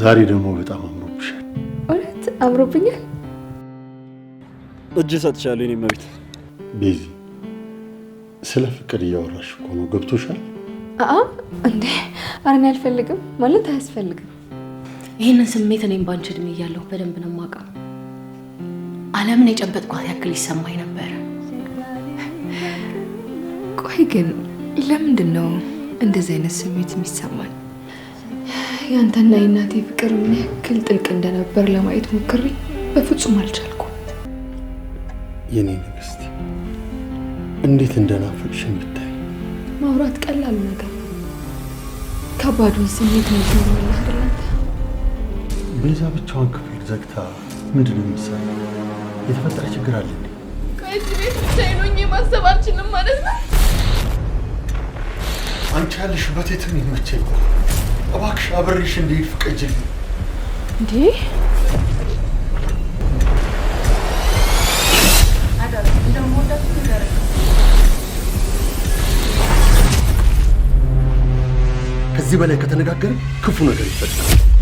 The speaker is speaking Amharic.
ዛሬ ደግሞ በጣም አምሮብሻል። እውነት አምሮብኛል። እጅ ሰጥሻለሁ። እኔ መቤት ቤዚ፣ ስለ ፍቅር እያወራሽ እኮ ነው። ገብቶሻል? አአ እንዴ! አረን አልፈልግም ማለት አያስፈልግም። ይህንን ስሜት እኔም በአንቺ እድሜ እያለሁ በደንብ ነው የማውቀው። ዓለምን የጨበጥኳት ያክል ይሰማኝ ነበር። ቆይ ግን ለምንድን ነው እንደዚህ አይነት ስሜት የሚሰማል? የአንተና የእናቴ ፍቅር ምን ያክል ጥልቅ እንደነበር ለማየት ሞክሬ በፍጹም አልቻልኩም። የኔ ንግስት እንዴት እንደናፈቅሽ ብታይ። ማውራት ቀላል ነገር ከባዱን ስሜት ነውላንተ ቤዛ ብቻዋን ክፍል ዘግታ ምንድን ነው የሚሰራው? የተፈጠረ ችግር አለ እንዴ? ከዚህ ቤት ብቻ ይኖኝ ማሰብ አልችልም ማለት ነው። አንቺ ያለሽበት የትም ይመቸኝ እባክሽ አብሬሽ እንድሄድ ፍቀጅልኝ። እንዴ ከዚህ በላይ ከተነጋገርን ክፉ ነገር ይፈጠራል።